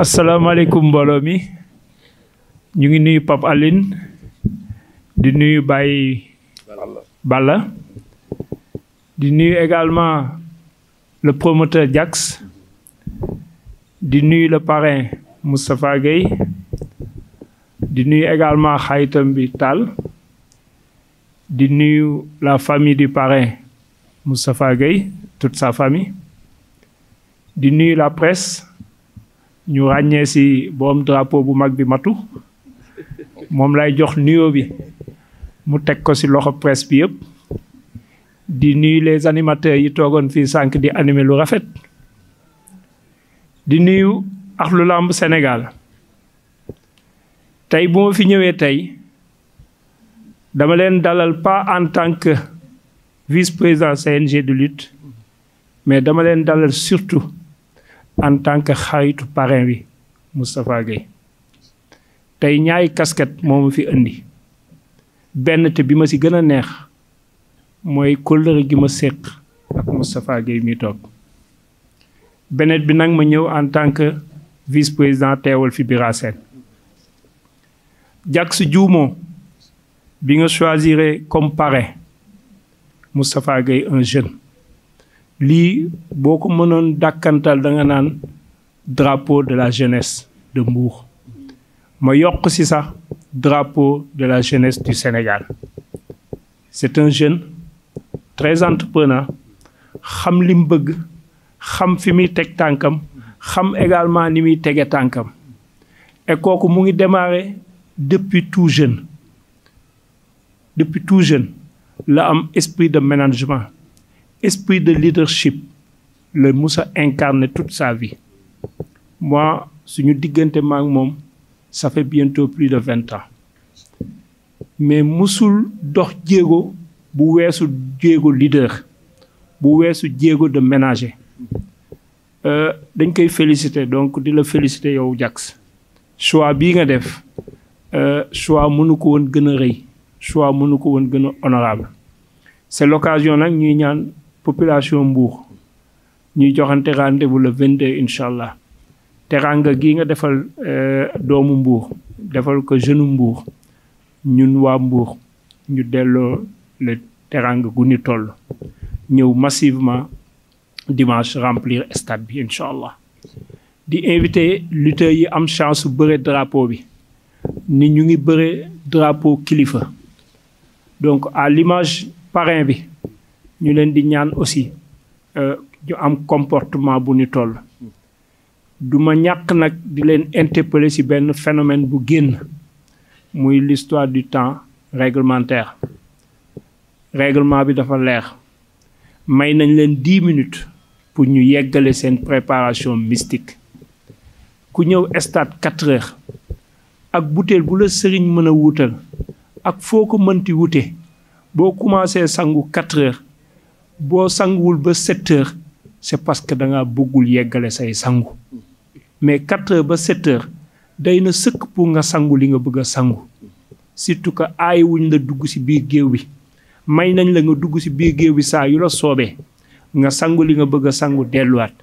asalaamaaleykum mbooloo mi ñu ngi nuyu Pape Aline di nuyu Baye Balla di nuyu également le promoteur jax di nuyu le parrain Moustapha Gueye di nuyu également xayitam bi Tall di nuyu la famille du parrain Moustapha Gueye toute sa famille di nuyu la presse ñu ràññee si boom drapeau bu mag bi matu moom lay jox nuyoo bi mu teg ko si loxo presse bi yëpp di nuyu les animateurs yi toogoon fii sànq di animer lu rafet di nuyu Ahlou Lamb Sénégal tey bu ma fi ñëwee tey dama leen dalal pas en tant que vice-président CNG de lutte mais dama leen dalal surtout en tant que xaritu parrain wi Moustapha Gueye tey ñaari casquette moo ma fi indi benn te bi ma ci gën a neex mooy kóllëre gi ma séq ak Moustapha Gueye mi toog beneen bi nag ma ñëw en tant que vice président teewal fi Bira Sène jàk si juumoo bi nga choisiré comme parrain Moustapha Gueye un jeune lii boo ko mënoon dàkkantal da nga naan drapeau de la jeunesse de Mbour ma yokk ci sax drapeau de la jeunesse du Sénégal c'est un jeune très entrepreneur xam lim bëgg xam fi muy teg tànkam xam également ni muy tege tànkam et mu ngi démarrer depuis tout jeunes depuis tout jeunes la am esprit de management esprit de leadership la Moussa incarné toute sa vie moi suñu diggante maak moom ça fait plus de vingt ans mais musul dox jéego bu weesu jéego leader bu weesu jéego de ménager euh, dañ koy féliciter donc di la féliciter yow Jax choix bii nga def euh, choix mënu ko woon gën a rëy choix mënu ko woon gën a honorable c'est l'occasion nag ñuy ñaan population Mbour ñuy joxante rendez-vous le 22 incha allah teranga gii nga defal euh, doomu Mbour defal ko jeune Mbour ñun waa Mbour ñu delloo le teranga gu ni toll ñëw massivement dimanche remplir stade bi incha allah di invité lutteurs yi am chance bëre drapeau bi ni ñu ngi bëre drapeau kilifa donc à l'image parrain bi ñu leen di ñaan aussi euh, ñu am comportement bu ni toll du ma ñàkk nag di leen interpeller ci benn phénomène bu génn muy l'histoire du temps réglementaire règlement bi dafa leer may nañ leen dix minutes pour ñu yeggale seen préparation mystique ku ñëw stade quatre heures ak butéel bu la sëriñ mën a wutal ak foo ko mënti wute boo commencé sangu quatre heures boo sanguwul ba sept heures c'est parce que da nga bëggul yeggale say sangu mais quatre ba sept day na sëkk pour nga sangu li nga bëgg a sangu surtout que aay la dugg ci biir géew bi may nañ la nga dugg ci biir géew bi saa yu la soobee nga sangu li nga bëgg a sangu delluwaat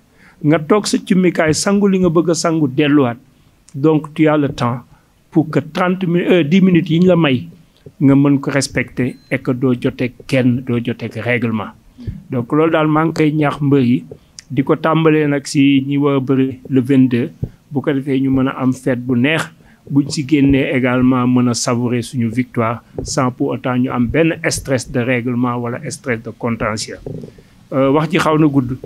nga toog sa cummikaay sangu li nga bëgg a sangu delluwaat donc tu temps pour que trente minutes euh, dix minutes yi ñu la may nga mën ko respecter et doo joteeg kenn doo joteeg règlement donc loolu daal maa ngi ñaax mbër yi di ko tàmbalee nag si ñi war bëri le 22 bu ko defee ñu mën a am fête bu neex buñ si génnee également mën a savourer suñu victoire sans pour autant ñu am benn stress de règlement wala stress de contentieux. Euh, wax ji xaw na gudd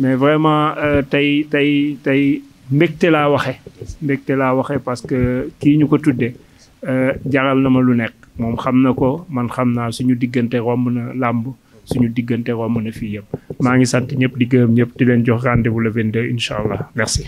mais vraiment euh, tey tey tey mbégte laa waxe mbégte laa waxee parce que kii ñu ko tuddee euh, jaral na ma lu nekk moom xam na ko man xam naa suñu diggante romb na làmb suñu diggante romb na fii yëpp maa ngi sant ñëpp di gërëm ñëpp di leen jox rendez-vous le 22 incha allah merci.